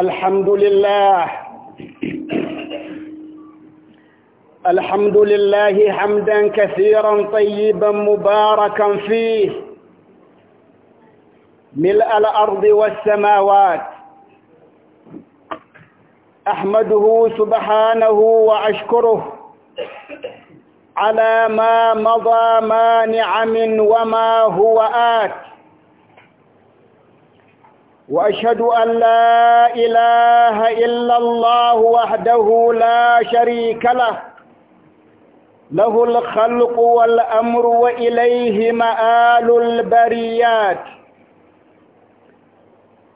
الحمد لله الحمد لله حمدا كثيرا طيبا مباركا فيه ملء الأرض والسماوات أحمده سبحانه وأشكره على ما مضى مانع من وما هو آت وأشهد أن لا إله إلا الله وحده لا شريك له له الخلق والأمر وإليه مآل البريات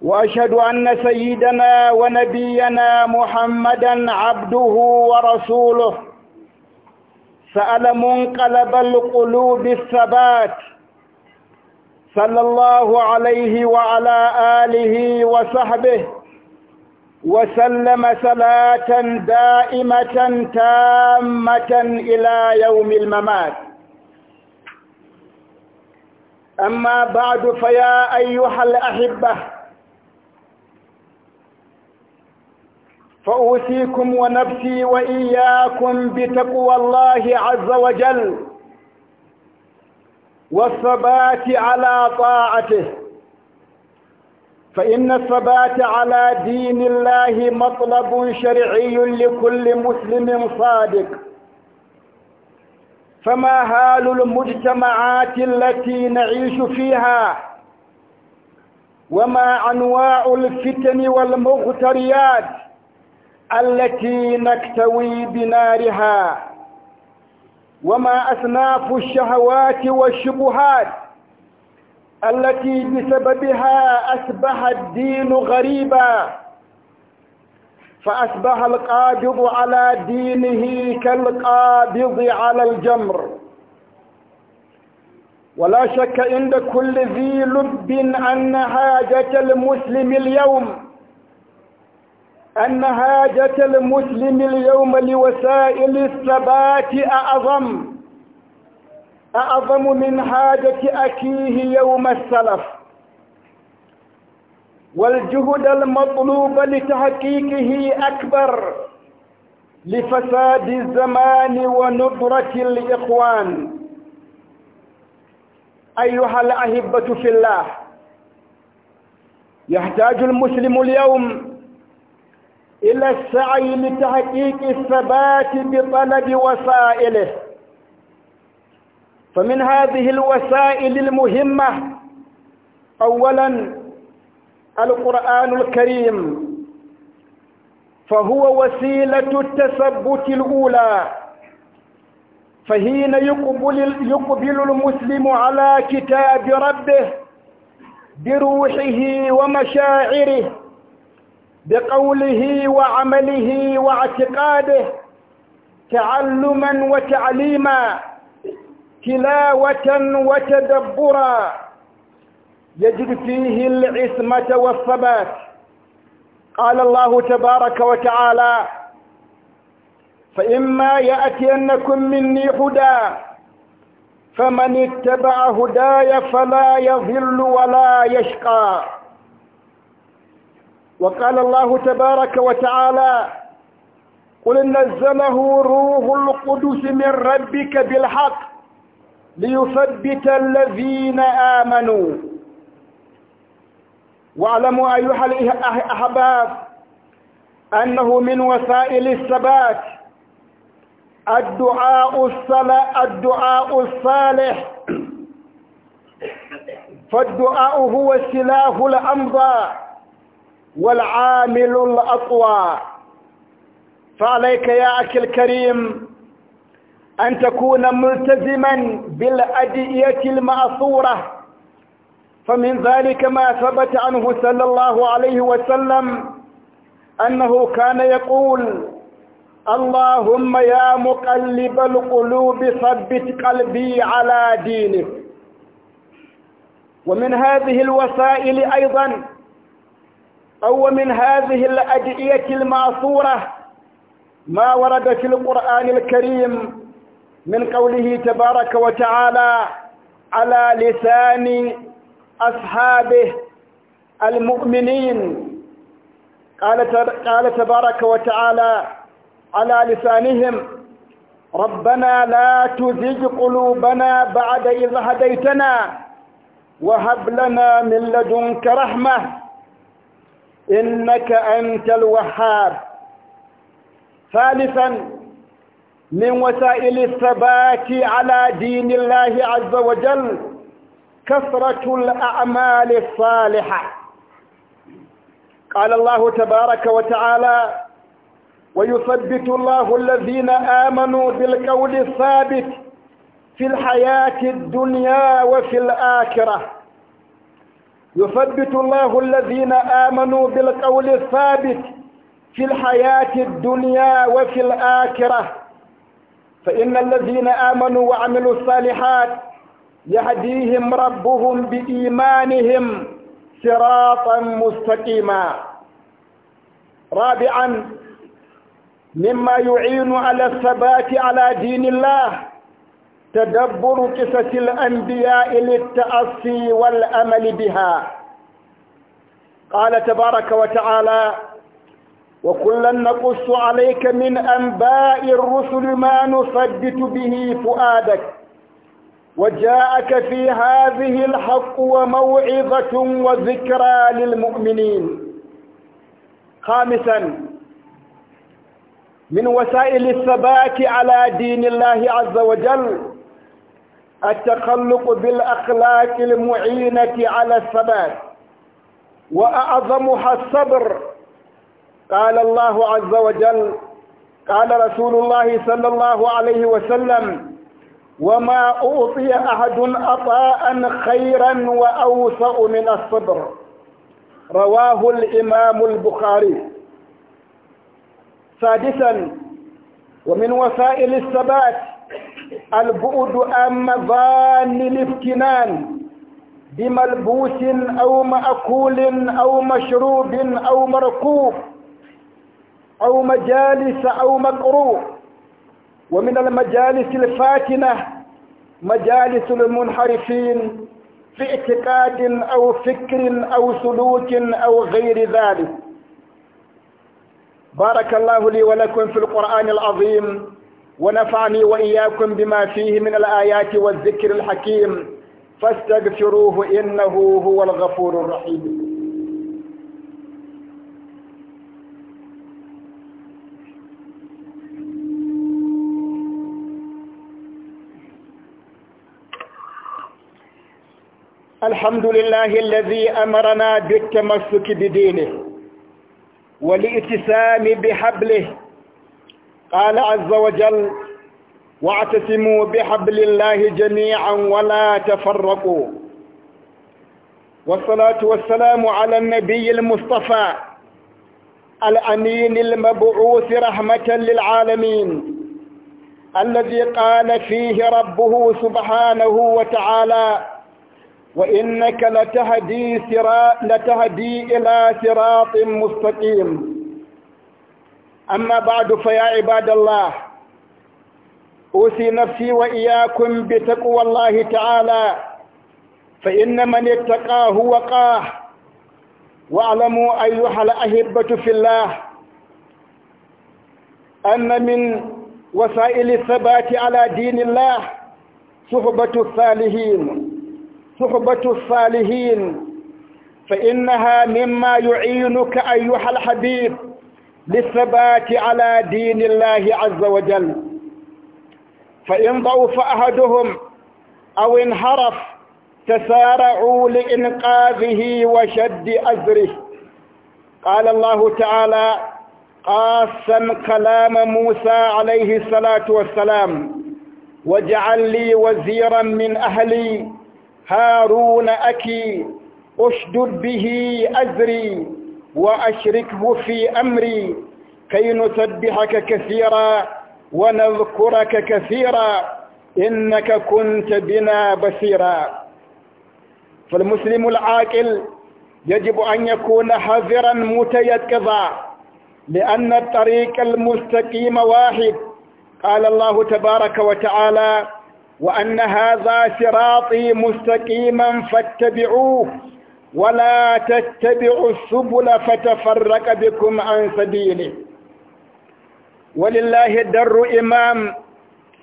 وأشهد أن سيدنا ونبينا محمدا عبده ورسوله سأل منقلب القلوب الثبات صلى الله عليه وعلى آله وصحبه وسلم صلاة دائمة تامة إلى يوم الممات أما بعد فيا أيها الأحبة فأوصيكم ونفسي وإياكم بتقوى الله عز وجل والثبات على طاعته فإن الثبات على دين الله مطلب شرعي لكل مسلم صادق فما هال المجتمعات التي نعيش فيها وما أنواع الفتن والمغتريات التي نكتوي بنارها وما أصناف الشهوات والشبهات التي بسببها أصبح الدين غريبا فأصبح القابض على دينه كالقابض على الجمر ولا شك عند كل ذي لب أن حاجة المسلم اليوم أن حاجة المسلم اليوم لوسائل الثبات أعظم أعظم من حاجة أخيه يوم السلف والجهد المطلوب لتحقيقه أكبر لفساد الزمان ونضرة الإخوان أيها الأهبة في الله يحتاج المسلم اليوم إلى السعي لتحقيق الثبات بطلب وسائله فمن هذه الوسائل المهمة أولا القرآن الكريم فهو وسيلة التثبت الأولى فحين يقبل, يقبل المسلم على كتاب ربه بروحه ومشاعره بقوله وعمله واعتقاده تعلما وتعليما تلاوة وتدبرا يجد فيه العصمة والثبات قال الله تبارك وتعالى فإما يأتينكم مني هدى فمن اتبع هداي فلا يضل ولا يشقى وقال الله تبارك وتعالى قل نزله روح القدس من ربك بالحق ليثبت الذين آمنوا واعلموا أيها الأحباب أنه من وسائل الثبات الدعاء الدعاء الصالح فالدعاء هو السلاح الأمضى والعامل الأطوى فعليك يا أخي الكريم أن تكون ملتزما بالأدئية المأثورة فمن ذلك ما ثبت عنه صلى الله عليه وسلم أنه كان يقول اللهم يا مقلب القلوب ثبت قلبي على دينك ومن هذه الوسائل أيضا أو من هذه الأدعية المعصورة ما ورد في القرآن الكريم من قوله تبارك وتعالى على لسان أصحابه المؤمنين قال قال تبارك وتعالى على لسانهم ربنا لا تزغ قلوبنا بعد إذ هديتنا وهب لنا من لدنك رحمه إنك أنت الوهاب ثالثا من وسائل الثبات على دين الله عز وجل كثرة الأعمال الصالحة قال الله تبارك وتعالى ويثبت الله الذين آمنوا بالقول الثابت في الحياة الدنيا وفي الآخرة يثبت الله الذين آمنوا بالقول الثابت في الحياة الدنيا وفي الآخرة فإن الذين آمنوا وعملوا الصالحات يهديهم ربهم بإيمانهم صراطا مستقيما رابعا مما يعين على الثبات على دين الله تدبر قصة الأنبياء للتأصي والأمل بها قال تبارك وتعالى وكلا نقص عليك من أنباء الرسل ما نصدت به فؤادك وجاءك في هذه الحق وموعظة وذكرى للمؤمنين خامسا من وسائل الثبات على دين الله عز وجل التخلق بالأخلاق المعينة على الثبات وأعظمها الصبر قال الله عز وجل قال رسول الله صلى الله عليه وسلم وما اوصي أحد عطاء خيرا وأوسع من الصبر رواه الإمام البخاري سادسا ومن وسائل الثبات البعد عن مظان الافتنان بملبوس أو مأكول أو مشروب أو مركوب أو مجالس أو مكروه ومن المجالس الفاتنة مجالس المنحرفين في اعتقاد أو فكر أو سلوك أو غير ذلك بارك الله لي ولكم في القرآن العظيم ونفعني وإياكم بما فيه من الآيات والذكر الحكيم فاستغفروه إنه هو الغفور الرحيم الحمد لله الذي أمرنا بالتمسك بدينه والاتسام بحبله قال عز وجل واعتصموا بحبل الله جميعا ولا تفرقوا والصلاة والسلام على النبي المصطفى الأمين المبعوث رحمة للعالمين الذي قال فيه ربه سبحانه وتعالى وإنك لتهدي, لتهدي إلى صراط مستقيم أما بعد فيا عباد الله أوصي نفسي وإياكم بتقوى الله تعالى فإن من اتقاه وقاه واعلموا أيها الأحبة في الله أن من وسائل الثبات على دين الله صحبة الصالحين صحبة الصالحين فإنها مما يعينك أيها الحبيب للثبات على دين الله عز وجل فإن ضعف أحدهم أو انحرف تسارعوا لإنقاذه وشد أزره قال الله تعالى قاسا كلام موسى عليه الصلاة والسلام واجعل لي وزيرا من أهلي هارون أكي أشدد به أزري وأشركه في أمري كي نسبحك كثيرا ونذكرك كثيرا إنك كنت بنا بصيرا فالمسلم العاقل يجب أن يكون حذرا متيقظا لأن الطريق المستقيم واحد قال الله تبارك وتعالى وأن هذا صراطي مستقيما فاتبعوه ولا تتبعوا السبل فتفرق بكم عن سبيله ولله در إمام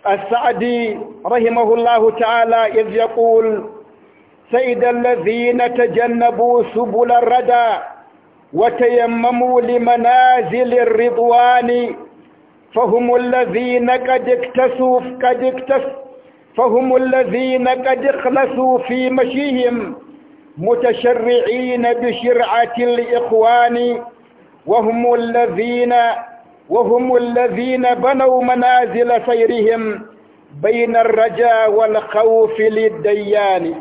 السعدي رحمه الله تعالى إذ يقول سيد الذين تجنبوا سبل الردى وتيمموا لمنازل الرضوان فهم الذين قد اكتسوا قد اكتس فهم الذين قد اخلصوا في مشيهم متشرعين بشرعة الإخوان وهم الذين وهم الذين بنوا منازل سيرهم بين الرجاء والخوف للديان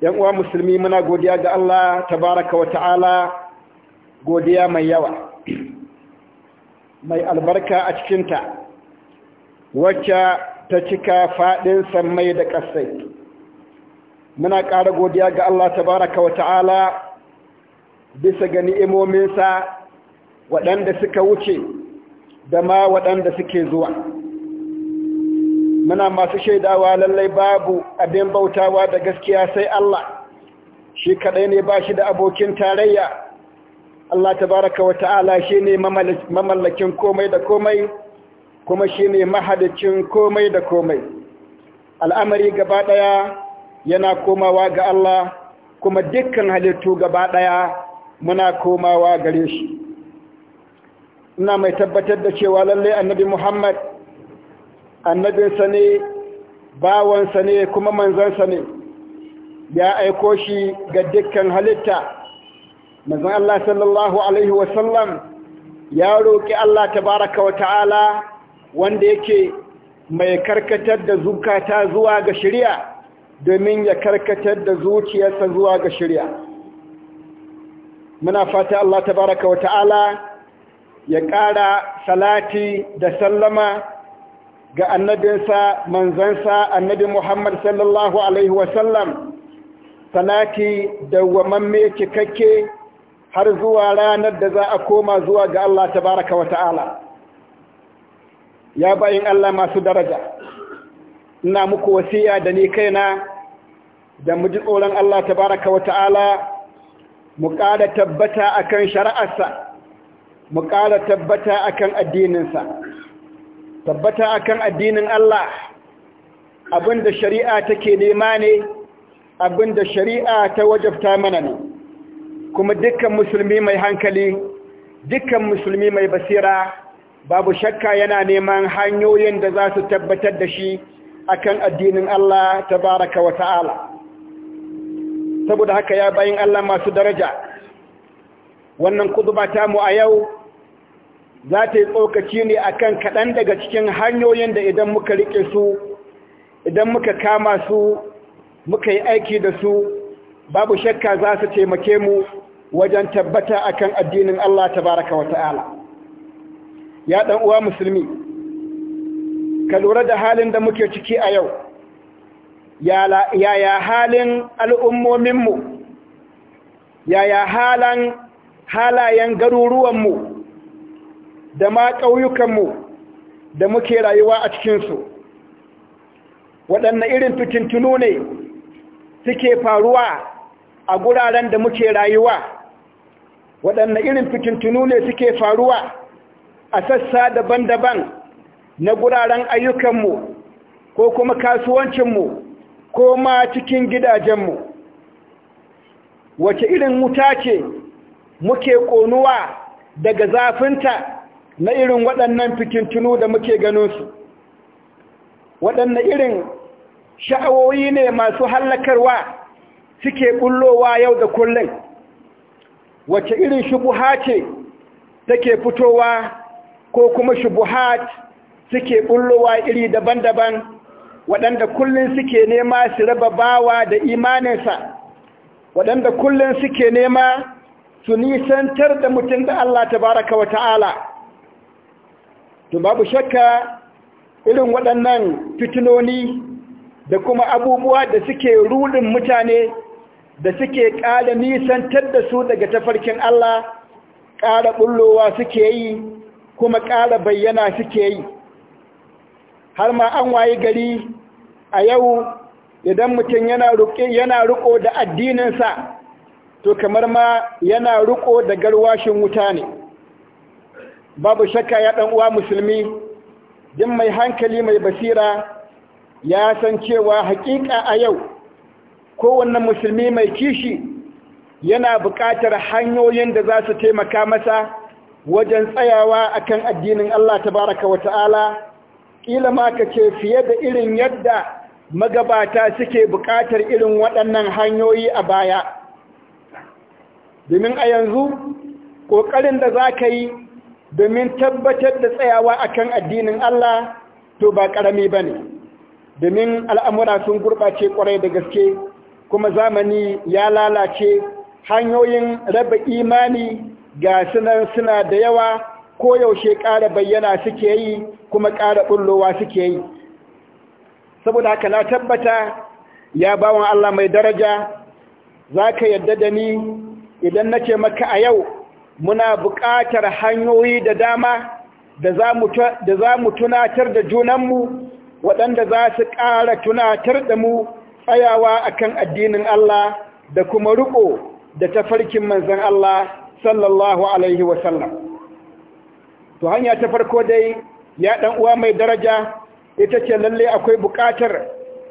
yan uwa musulmi muna godiya da Allah tabaraka wa ta'ala godiya mai yawa mai albarka a cikinta wacce ta cika faɗin sammai da ƙasai muna ƙara godiya ga Allah tabaraka wa ta'ala bisa ga ni'imominsa waɗanda suka wuce da ma waɗanda suke zuwa muna masu shaidawa lallai babu abin bautawa da gaskiya sai Allah shi kaɗai ne ba shi da abokin tarayya Allah tabaraka wa ta'ala shi ne mamallakin komai da komai kuma shi ne mahadicin komai da komai al'amari gaba ɗaya yana komawa ga Allah kuma dukkan halittu gaba ɗaya muna komawa gare shi ina mai tabbatar da cewa lallai annabi Muhammad annabinsa ne bawansa ne kuma manzansa ne ya aiko shi ga dukkan halitta manzon Allah sallallahu alaihi wasallam ya roƙi Allah tabaraka wa ta'ala wanda yake mai karkatar da zukata zuwa ga shari'a domin ya karkatar da zuciyarsa zuwa ga shirya muna fata Allah Ta baraka wa ta'ala ya ƙara salati da sallama ga annabinsa manzansa annabi Muhammad sallallahu alaihi wasallam salati dawwamamme cikakke har zuwa ranar da za a koma zuwa ga Allah Ta baraka wa ta'ala ya bayin Allah masu daraja ina muku wasiya da ni kaina da mu ji tsoron Allah tabaraka wa ta'ala mu ƙara tabbata akan shari'arsa mu ƙara tabbata akan addininsa tabbata akan addinin Allah abinda shari'a take nema ne abinda shari'a ta wajabta mana ne kuma dukkan musulmi mai hankali dukkan musulmi mai basira babu shakka yana neman hanyoyin da za su tabbatar da shi akan addinin Allah tabaraka wa ta'ala saboda haka ya bayin Allah masu daraja wannan kuduba ta mu a yau za ta yi tsokaci ne akan kaɗan daga cikin hanyoyin da idan muka riƙe su idan muka kama su muka yi aiki da su babu shakka za su taimake mu wajen tabbata akan addinin Allah tabaraka wa ta'ala ya ɗan uwa musulmi ka lura da halin da muke ciki a yau yaya halin al'ummominmu yaya halan halayen garuruwanmu da ma ƙauyukanmu da muke rayuwa a cikinsu waɗanne irin fitintunu ne suke faruwa a guraren da muke rayuwa waɗanne irin fitintunu ne suke faruwa a sassa daban-daban na guraren ayyukanmu ko kuma kasuwancinmu ko ma cikin gidajenmu wace irin wuta ce muke ƙonuwa daga zafinta na irin waɗannan fikintunu da muke ganinsu waɗanne irin sha'awoyi ne masu hallakarwa suke bullowa yau da kullum wace irin shubuha ce take fitowa ko kuma shubuhat suke bullowa iri daban-daban waɗanda kullum suke nema su raba bawa da imaninsa waɗanda kullum suke nema su nisantar da mutum da Allah tabaraka wa ta'ala to babu shakka irin waɗannan fitinoni da kuma abubuwa da suke rudin mutane da suke ƙara nisantar da su daga tafarkin Allah ƙara bullowa suke yi kuma ƙara bayyana suke yi har ma an wayi gari a yau idan mutum yana yana ruƙo da addininsa to kamar ma yana ruƙo da garwashin wuta ne babu shakka ya dan uwa musulmi din mai hankali mai basira ya san cewa haƙiƙa a yau kowanne musulmi mai kishi yana buƙatar hanyoyin da za su taimaka masa wajen tsayawa akan addinin Allah tabaraka wa ta'ala ƙila ma ka ce fiye da irin yadda magabata suke buƙatar irin waɗannan hanyoyi a baya domin a yanzu ƙoƙarin da za ka yi domin tabbatar da tsayawa akan addinin Allah to ba ƙarami ba ne domin al'amura sun gurɓace ƙwarai da gaske kuma zamani ya lalace hanyoyin raba imani ga sunan suna da yawa koyaushe ƙara bayyana suke yi kuma ƙara ɓullowa suke yi saboda haka na tabbata ya bawon Allah mai daraja za ka yadda da ni idan na ce maka a yau muna buƙatar hanyoyi da dama da za mu tunatar da junanmu waɗanda za su ƙara tunatar da mu tsayawa a kan addinin Allah da kuma riƙo da tafarkin manzan Allah sallallahu alaihi wasallam. to hanya ta farko dai ya dan uwa mai daraja ita ce lalle akwai buƙatar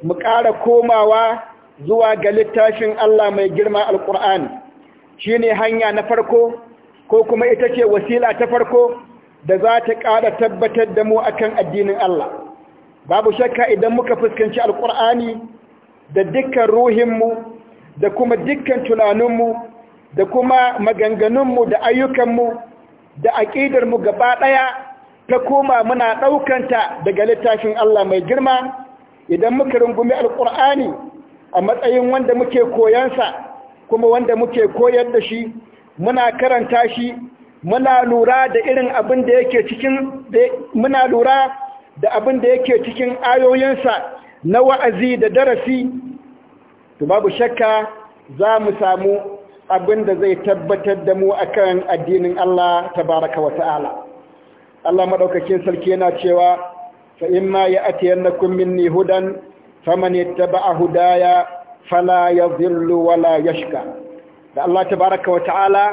mu ƙara komawa zuwa ga littafin Allah mai girma alƙur'ani shine hanya na farko ko kuma ita ce wasila ta farko da za ta ƙara tabbatar da mu akan addinin Allah babu shakka idan muka fuskanci alƙur'ani da dukkan ruhinmu da kuma dukkan tunaninmu da kuma maganganunmu da ayyukanmu da aƙidar mu gaba ɗaya ta koma muna ɗaukanta daga littafin Allah mai girma idan muka rungumi alƙur'ani a matsayin wanda muke koyansa kuma wanda muke koyar da shi muna karanta shi muna lura da irin abin da yake cikin muna lura da abin da yake cikin ayoyinsa na wa'azi da darasi to babu shakka za mu samu abin da zai tabbatar da mu akan addinin Allah tabaraka wa ta'ala Allah madaukakin sarki yana cewa fa imma ya'tiyannakum minni hudan faman yattaba'a hudaya fala yadhillu wala yashqa da Allah tabaraka wa ta'ala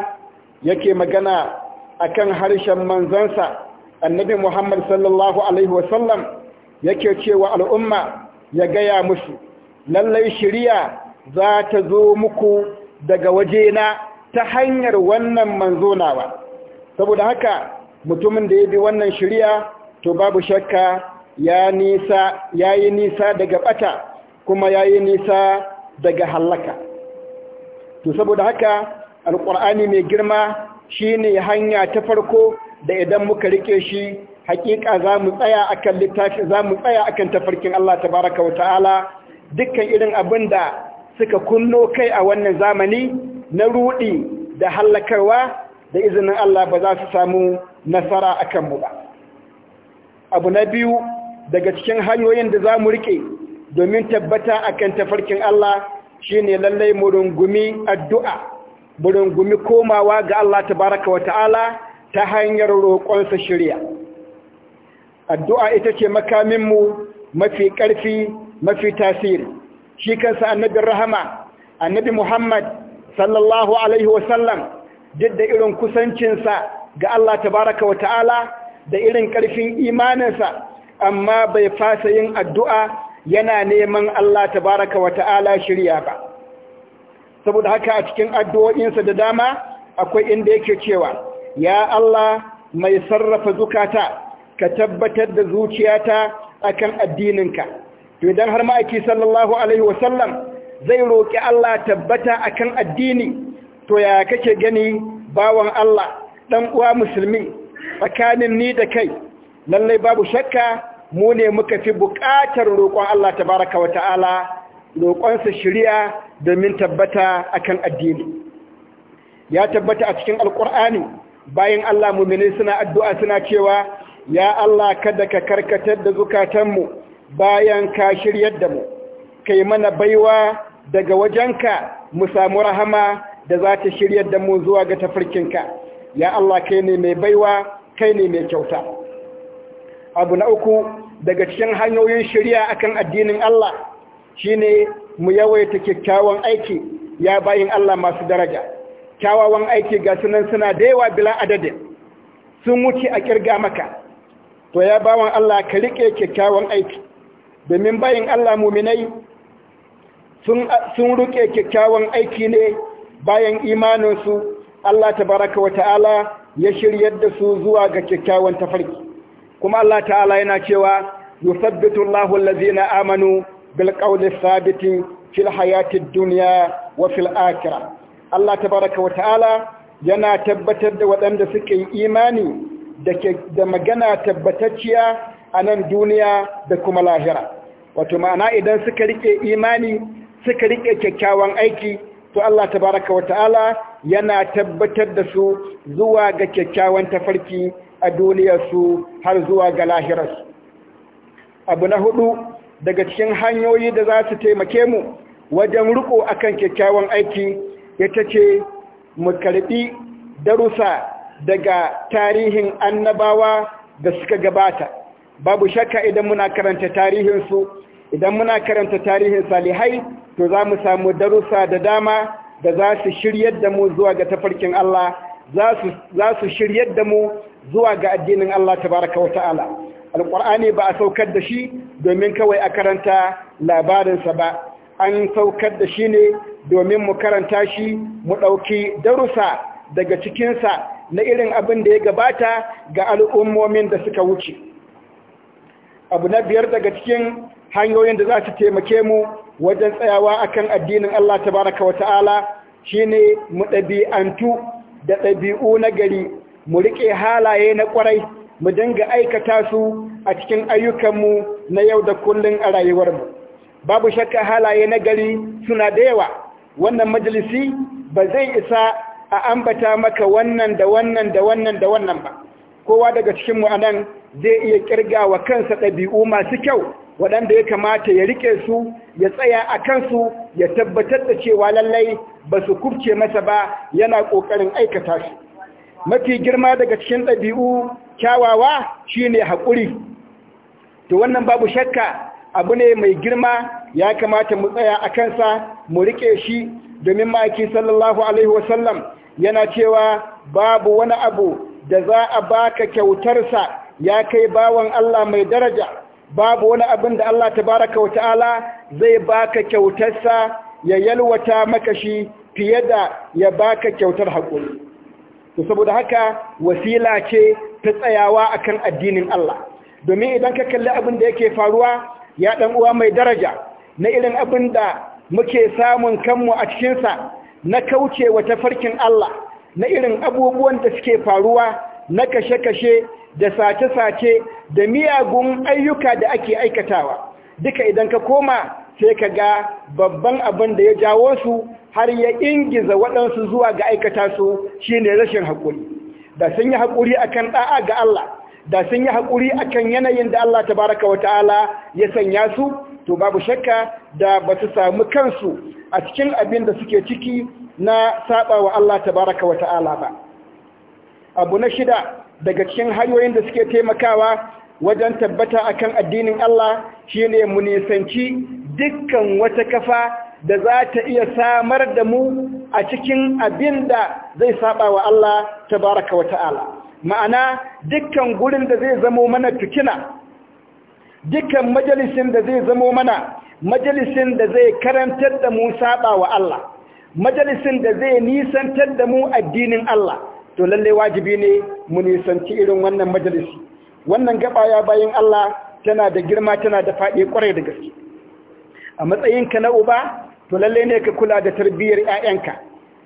yake magana akan harshen manzansa annabi Muhammad sallallahu alaihi wa sallam yake cewa al'umma ya gaya musu lallai shari'a za ta zo muku daga waje na ta hanyar wannan manzonawa saboda haka mutumin da ya bi wannan shirya to babu shakka ya nisa ya yi nisa daga bata kuma ya yi nisa daga halaka to saboda haka Alƙur'ani mai girma shi ne hanya ta farko da idan muka rike shi hakika za mu tsaya akan littafi za mu tsaya akan tafarkin Allah tabaraka wa ta'ala dukkan irin abin da suka kunno kai a wannan zamani na rudi da hallakarwa da izinin Allah ba za su samu nasara a kanmu ba. Abu na biyu daga cikin hanyoyin da za mu riƙe domin tabbata a kan tafarkin Allah shi ne lallai murungumi addu'a, mu rungumi komawa ga Allah ta baraka wa ta'ala ta hanyar roƙonsa shirya. Addu'a ita ce makaminmu mafi ƙarfi mafi tasiri. shi kansa annabin rahama annabi Muhammad sallallahu alaihi wasallam duk da irin kusancinsa ga Allah tabaraka wa ta'ala da irin ƙarfin imaninsa amma bai fasa yin addu'a yana neman Allah tabaraka wa ta'ala shirya ba saboda haka a cikin addu'o'insa da dama akwai inda yake cewa ya Allah mai sarrafa zukata ka tabbatar da zuciyata akan addininka to idan har ma'aiki sallallahu alaihi wasallam zai roƙi Allah tabbata akan addini to ya kake gani bawan Allah ɗan uwa musulmi tsakanin ni da kai lallai babu shakka mu ne muka fi buƙatar roƙon Allah tabaraka wa ta'ala roƙonsa shiriya domin tabbata akan addini ya tabbata a cikin alƙur'ani bayan Allah mu'mini suna addu'a suna cewa ya Allah kada ka karkatar da zukatanmu bayan ka shiryar da mu kai mana baiwa daga wajenka mu samu rahama da za ta shiryar da mu zuwa ga tafarkinka ya Allah kai ne mai baiwa kai ne mai kyauta abu na uku daga cikin hanyoyin shirya akan addinin Allah shine mu yawaita kyakkyawan aiki ya bayin Allah masu daraja kyawawan aiki ga sunan suna da yawa bila adadin sun wuce a kirga maka to ya bawan Allah ka rike kyakkyawan aiki domin bayin Allah muminai sun ruke kyakkyawan aiki ne bayan imaninsu Allah Ta baraka wa ta'ala ya shiryar da su zuwa ga kyakkyawan tafarki kuma Allah ta'ala yana cewa yusabbitu Allahu allazina amanu bil qawli fil hayatin dunya wa fil akhirah Allah baraka wa ta'ala yana tabbatar da waɗanda suke imani da magana tabbatacciya a nan duniya da kuma lahira wato ma'ana idan suka rike imani suka rike kyakkyawan aiki to Allah tabaraka wa ta'ala yana tabbatar da su zuwa ga kyakkyawan tafarki a duniyarsu har zuwa ga lahirarsu abu na hudu daga cikin hanyoyi da za su taimake mu wajen riko akan kyakkyawan aiki ita ce mu karbi darusa daga tarihin annabawa da suka gabata babu shakka idan muna karanta tarihinsu idan muna karanta tarihin salihai to za mu samu darussa da dama da za su shiryar da mu zuwa ga tafarkin Allah za su shiryar da mu zuwa ga addinin Allah tabaraka wa ta'ala alƙur'ani ba a saukar da shi domin kawai a karanta labarinsa ba an saukar da shi ne domin mu karanta shi mu ɗauki darussa daga cikinsa na irin abin da ya gabata ga al'ummomin da suka wuce abu na biyar daga cikin hanyoyin da za su taimake mu wajen tsayawa akan addinin Allah tabaraka wa ta'ala shi ne mu ɗabi'antu da ɗabi'u na gari mu riƙe halaye na ƙwarai mu dinga aikata su a cikin ayyukanmu na yau da kullun a rayuwarmu babu shakka halaye na gari suna da yawa wannan majalisi ba zai isa a ambata maka wannan da wannan da wannan da wannan ba kowa daga cikin mu anan zai iya wa kansa ɗabi'u masu kyau waɗanda ya kamata ya rike su ya tsaya a kansu ya tabbatar da cewa lallai ba su kubce masa ba yana ƙoƙarin aikata su mafi girma daga cikin ɗabi'u kyawawa shine haƙuri to wannan babu shakka abu ne mai girma ya kamata mu tsaya a kansa mu rike shi domin ma'aiki sallallahu alaihi wasallam yana cewa babu wani abu da za a baka kyautarsa ya kai bawan Allah mai daraja babu wani abin da Allah tabaraka wa ta'ala zai baka kyautarsa ya yalwata maka shi fiye da ya baka kyautar haƙuri to saboda haka wasila ce ta tsayawa akan addinin Allah domin idan ka kalli abin da yake faruwa ya ɗan uwa mai daraja na irin abin da muke samun kanmu a cikinsa na kauce wa tafarkin Allah na irin abubuwan da suke faruwa na kashe-kashe da sace-sace da miyagun ayyuka da ake aikatawa duka idan ka koma sai ka ga babban abin da ya jawo su har ya ingiza waɗansu zuwa ga aikata su shi ne rashin haƙuri da sun yi haƙuri akan ɗa'a ga Allah da sun yi haƙuri akan yanayin da Allah tabaraka wa ta'ala ya sanya su to babu shakka da ba su samu kansu a cikin abin da suke ciki na saba wa Allah tabaraka wa ta'ala ba abu na shida daga cikin hanyoyin da suke taimakawa wajen tabbata a kan addinin Allah shine mu nisanci dukkan wata kafa da za ta iya samar da mu a cikin abin da zai saba wa Allah tabaraka wa ta'ala ma'ana dukkan gurin da zai zamo mana tukina dukkan majalisin da zai zamo mana majalisin da zai karantar da mu saba wa Allah majalisin da zai nisantar da mu addinin Allah to lalle wajibi ne mu nisanci irin wannan majalisi wannan gaba ya bayin Allah tana da girma tana da faɗi kwarai da gaske a matsayinka na uba to lalle ne ka kula da tarbiyyar ƴaƴanka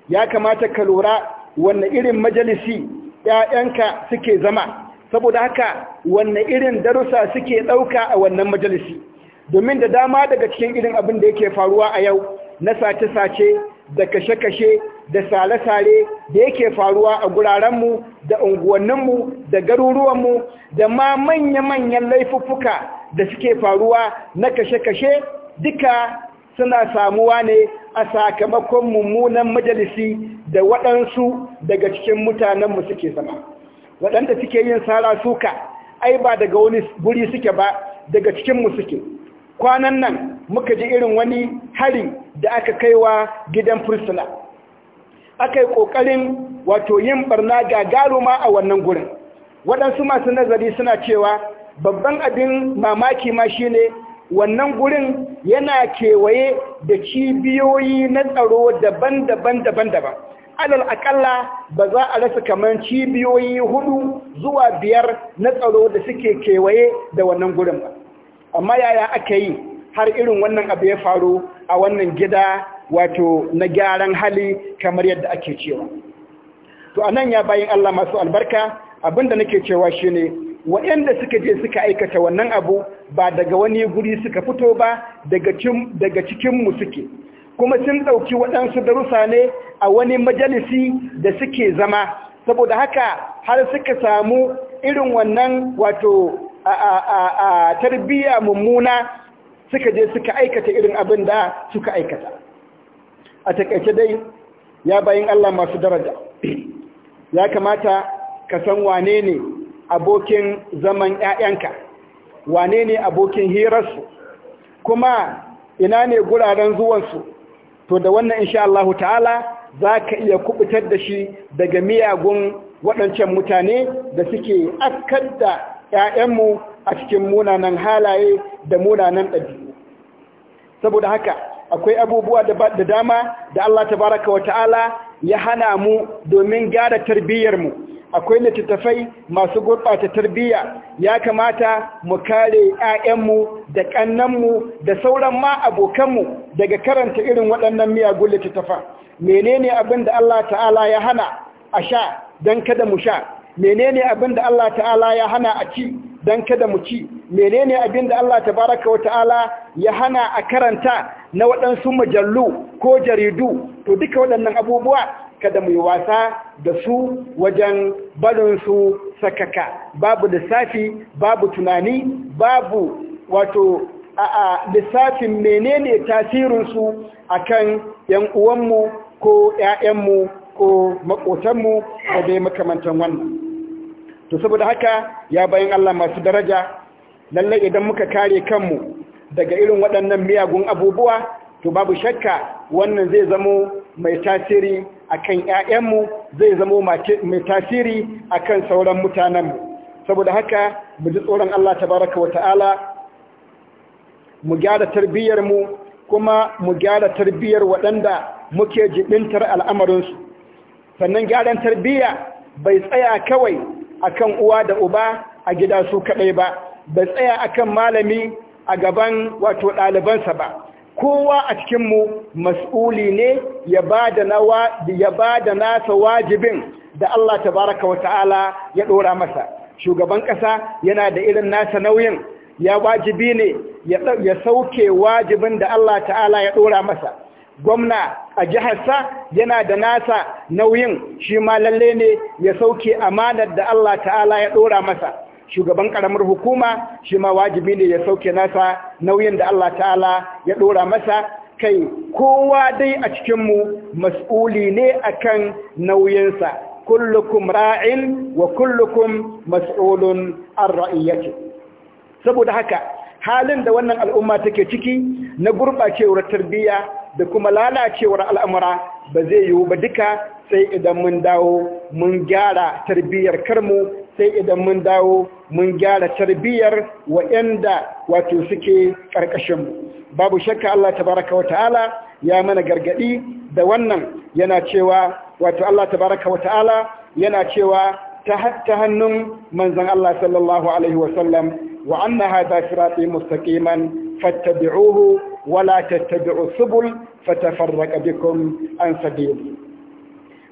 ya kamata ka lura wanne irin majalisi ƴaƴanka suke zama saboda haka wanne irin darussa suke ɗauka a wannan majalisi domin da dama daga cikin irin abin da yake faruwa a yau na sace-sace da kashe-kashe da sale-sale da yake faruwa a gurarenmu da unguwanninmu da garuruwanmu da ma manya-manyan laifuffuka da suke faruwa na kashe-kashe duka suna samuwa ne a sakamakon mummunan majalisi da waɗansu daga cikin mutanenmu suke zama waɗanda suke yin sara suka ai ba daga wani guri suke ba daga cikinmu suke kwanan nan muka ji irin wani hari da aka kaiwa gidan fursuna aka yi ƙoƙarin wato yin barna gagaruma a wannan gurin waɗansu masu nazari suna cewa babban abin mamaki ma shi ne wannan gurin yana kewaye da cibiyoyi na tsaro daban-daban daban-daban alal akalla ba za a rasa kamar cibiyoyi hudu zuwa biyar na tsaro da suke kewaye da wannan gurin ba amma yaya aka yi har irin wannan abu ya faru a wannan gida wato na gyaran hali kamar yadda ake cewa to anan ya bayan Allah masu albarka abinda nake cewa shi ne waɗanda suka je suka aikata wannan abu ba daga wani guri suka fito ba daga cikinmu suke kuma sun ɗauki waɗansu darussa ne a wani majalisi da suke zama saboda haka har suka samu irin wannan wato a tarbiyya mummuna suka je suka aikata irin abin da suka aikata a takaice dai ya bayin Allah masu daraja ya kamata ka san wane ne abokin zaman ‘ya'yanka wane ne abokin hirarsu kuma ina ne guraren zuwansu to da wannan insha Allahu ta'ala za ka iya kubutar da shi daga miyagun waɗancan mutane da suke askar da ‘ya'yanmu a cikin munanan halaye da munanan ɗabi'u saboda haka akwai abubuwa da dama da Allah tabaraka wa ta'ala ya hana mu domin gyara tarbiyyar mu akwai littattafai masu gurɓata tarbiyya ya kamata mu kare 'ya'yanmu da ƙannanmu da sauran ma abokanmu daga karanta irin waɗannan miyagun littattafa menene abin da Allah ta'ala ya hana a sha don kada mu sha menene abin da Allah ta'ala ya hana a ci don kada mu ci menene abin da Allah tabaraka wa ta'ala ya hana a karanta na waɗansu majallu ko jaridu to duka waɗannan abubuwa kada mu yi wasa da su wajen barinsu sakaka babu lissafi babu tunani babu wato a lissafin menene tasirinsu akan yan uwanmu ko 'ya'yanmu ko maƙotanmu da dai makamantan wannan to saboda haka ya bayan Allah masu daraja lalle idan muka kare kanmu daga irin waɗannan miyagun abubuwa to babu shakka wannan zai zamo mai tasiri akan ƴaƴanmu zai zamo mai tasiri akan sauran mutanenmu saboda haka mu ji tsoron Allah tabaraka wa ta'ala mu gyara tarbiyyar mu kuma mu gyara tarbiyyar waɗanda muke jibintar su, sannan gyaran tarbiyya bai tsaya kawai akan uwa da uba a gida su kaɗai ba bai tsaya akan malami a gaban wato ɗalibansa ba kowa a cikinmu mas'uli ne ya ba da nasa wajibin da Allah tabaraka wa ta'ala ya ɗora masa shugaban ƙasa yana da irin nasa nauyin ya wajibi ne ya sauke wajibin da Allah ta'ala ya ɗora masa gwamna a jiharsa yana da nasa nauyin shi ma lalle ne ya sauke amanar da Allah ta'ala ya ɗora masa shugaban ƙaramar hukuma shi ma wajibi ne ya sauke nasa nauyin da Allah ta'ala ya ɗora masa kai kowa dai a cikinmu mas'uli ne akan nauyinsa kullukum ra'in wa kullukum mas'ulun an ra'iyati saboda haka halin da wannan al'umma take ciki na gurɓacewar tarbiyya da kuma lalacewar al'amura ba zai yiwu ba duka sai idan mun dawo mun gyara tarbiyyar karmu sai idan mun dawo mun gyara tarbiyyar wa'yanda wato suke ƙarƙashinmu babu shakka Allah tabaraka wa ta'ala ya mana gargaɗi da wannan yana cewa wato Allah tabaraka wa ta'ala yana cewa ta hannun manzan Allah sallallahu Alaihi wasallam wa anna hada sirati mustaqiman fattabi'uhu wala tattabi'u subul fatafarraqa bikum an sabili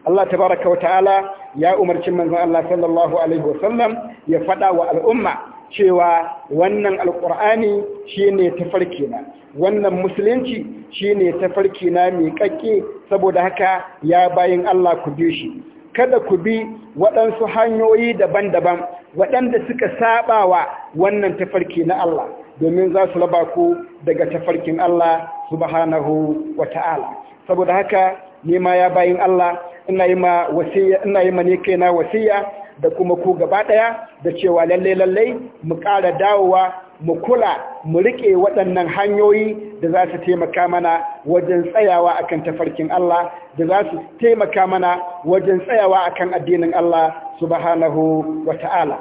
Allah tabaraka wa ta'ala ya umarci manzon Allah sallallahu alaihi wa sallam ya fada wa al'umma cewa wannan alkur'ani shine tafarki na wannan musulunci shine tafarki na mai kakke saboda haka ya bayin Allah ku bi shi kada ku bi waɗansu hanyoyi daban-daban waɗanda suka saba wa wannan tafarki na Allah domin za su raba ku daga tafarkin Allah subhanahu wa ta'ala saboda haka nema ya bayin Allah ina yi ma wasiya ina yi ne kaina wasiya da kuma ku gaba ɗaya da cewa lallai-lallai mu ƙara dawowa mu kula mu riƙe waɗannan hanyoyi da za su taimaka mana wajen tsayawa akan tafarkin Allah da za su taimaka mana wajen tsayawa akan addinin Allah subhanahu wa ta'ala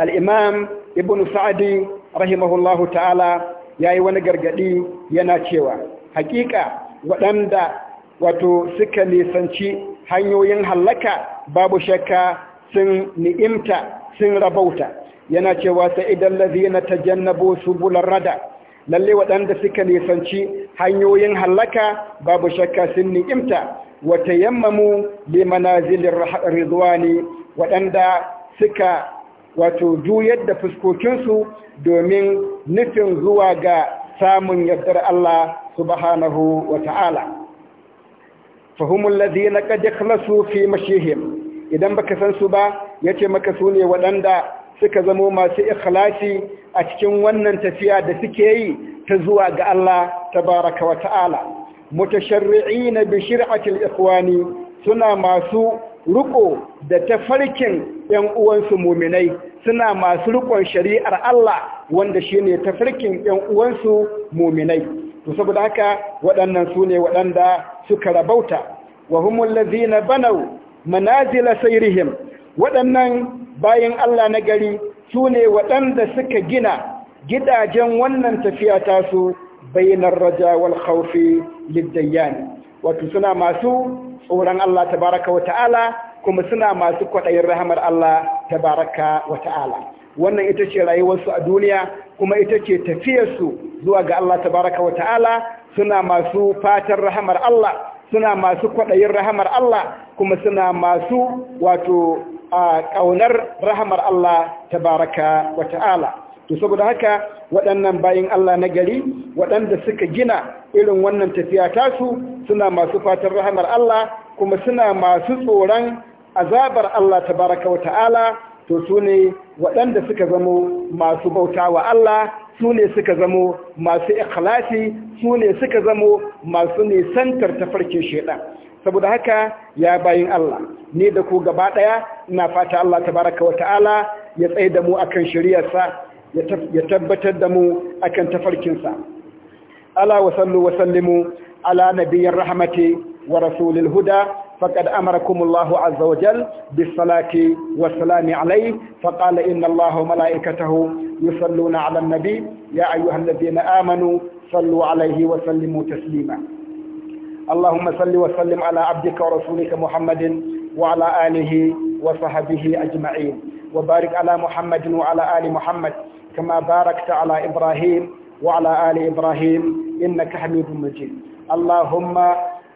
al-imam ibnu sa'di rahimahullahu ta'ala ya yi wani gargaɗi yana cewa hakika waɗanda wato suka nisanci hanyoyin hallaka babu shakka sun ni'imta sun rabauta yana cewa sai idan lazina ta jannabo su bular rada lalle waɗanda suka nisanci hanyoyin hallaka babu shakka sun ni'imta wata yammamu limanazilin rizwani waɗanda suka wato juyar da fuskokinsu domin nufin zuwa ga samun yardar Allah subhanahu wa ta'ala. Fahimun lazi na ƙaji kalasu fi mashihim, idan baka san su ba, ya ce maka su ne waɗanda suka zamo masu ikhlasi a cikin wannan tafiya da suke yi ta zuwa ga Allah tabaraka wa ta'ala. Mutasharri'i na bishir'atul ikhwani suna masu riko da tafarkin ‘yan uwansu muminai suna masu rikon shari'ar Allah wanda shi ne tafarkin ‘yan uwansu muminai. To saboda haka waɗannan su ne waɗanda suka rabauta, wa humun na banau manazila sairihim waɗannan bayan Allah na gari su ne waɗanda suka gina gidajen wannan tafiya tasu bayanar rajawar haufi liddayyani wato suna masu tsoron Allah tabaraka wa ta'ala kuma suna masu kwaɗayin rahamar Allah tabaraka wa ta'ala wannan ita ce rayuwarsu a duniya kuma ita ce tafiyarsu zuwa ga Allah tabaraka wa ta'ala suna masu fatan rahamar Allah suna masu kwaɗayin rahamar Allah kuma suna masu wato a ƙaunar rahamar Allah tabaraka wa ta'ala to saboda haka waɗannan bayan Allah na gari waɗanda suka gina irin wannan tafiya tasu suna masu fatan rahamar Allah kuma suna masu tsoron azabar Allah tabaraka wa ta'ala to su ne waɗanda suka zamo masu bauta wa Allah su ne suka zamo masu ikhlasi su ne suka zamo masu nisantar tafarkin shaidan saboda haka ya bayin Allah ni da ku gaba ɗaya ina fata Allah tabaraka wa ya tsaye da mu akan shari'arsa ya tabbatar da mu إنسان ألا وصلوا وسلموا على نبي الرحمة ورسول الهدى فقد أمركم الله عز وجل بالصلاة والسلام عليه فقال إن الله وملائكته يصلون على النبي يا أيها الذين آمنوا صلوا عليه وسلموا تسليما اللهم صل وسلم على عبدك ورسولك محمد وعلى آله وصحبه أجمعين وبارك على محمد وعلى آل محمد كما باركت على إبراهيم وعلى آل إبراهيم إنك حميد مجيد اللهم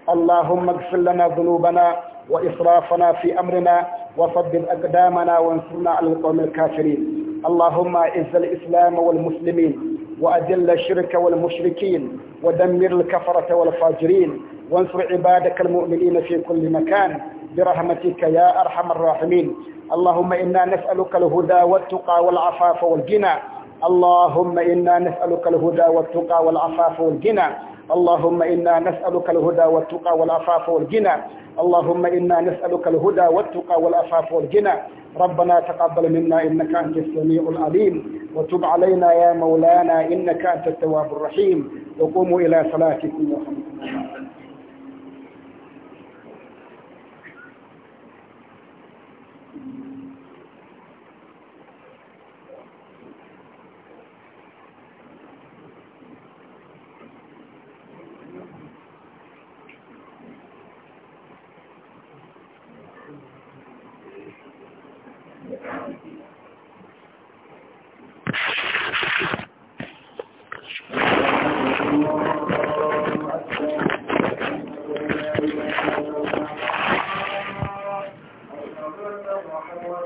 اللهم اغفر لنا ذنوبنا وإسرافنا في أمرنا وصدر أقدامنا وانصرنا على القوم الكافرين اللهم أعز الإسلام والمسلمين وأذل الشرك والمشركين ودمر الكفرة والفاجرين وانصر عبادك المؤمنين في كل مكان برحمتك يا أرحم الراحمين اللهم إنا نسألك الهدى والتقى والعفاف والجنى اللهم إنا نسألك الهدى والتقى والعفاف والغنى اللهم إنا نسألك الهدى والتقى والعفاف والغنى اللهم إنا نسألك الهدى والتقى والعفاف والغنى ربنا تقبل منا إنك أنت السميع العليم وتب علينا يا مولانا إنك أنت التواب الرحيم وقوموا إلى صلاتكم وحمدكم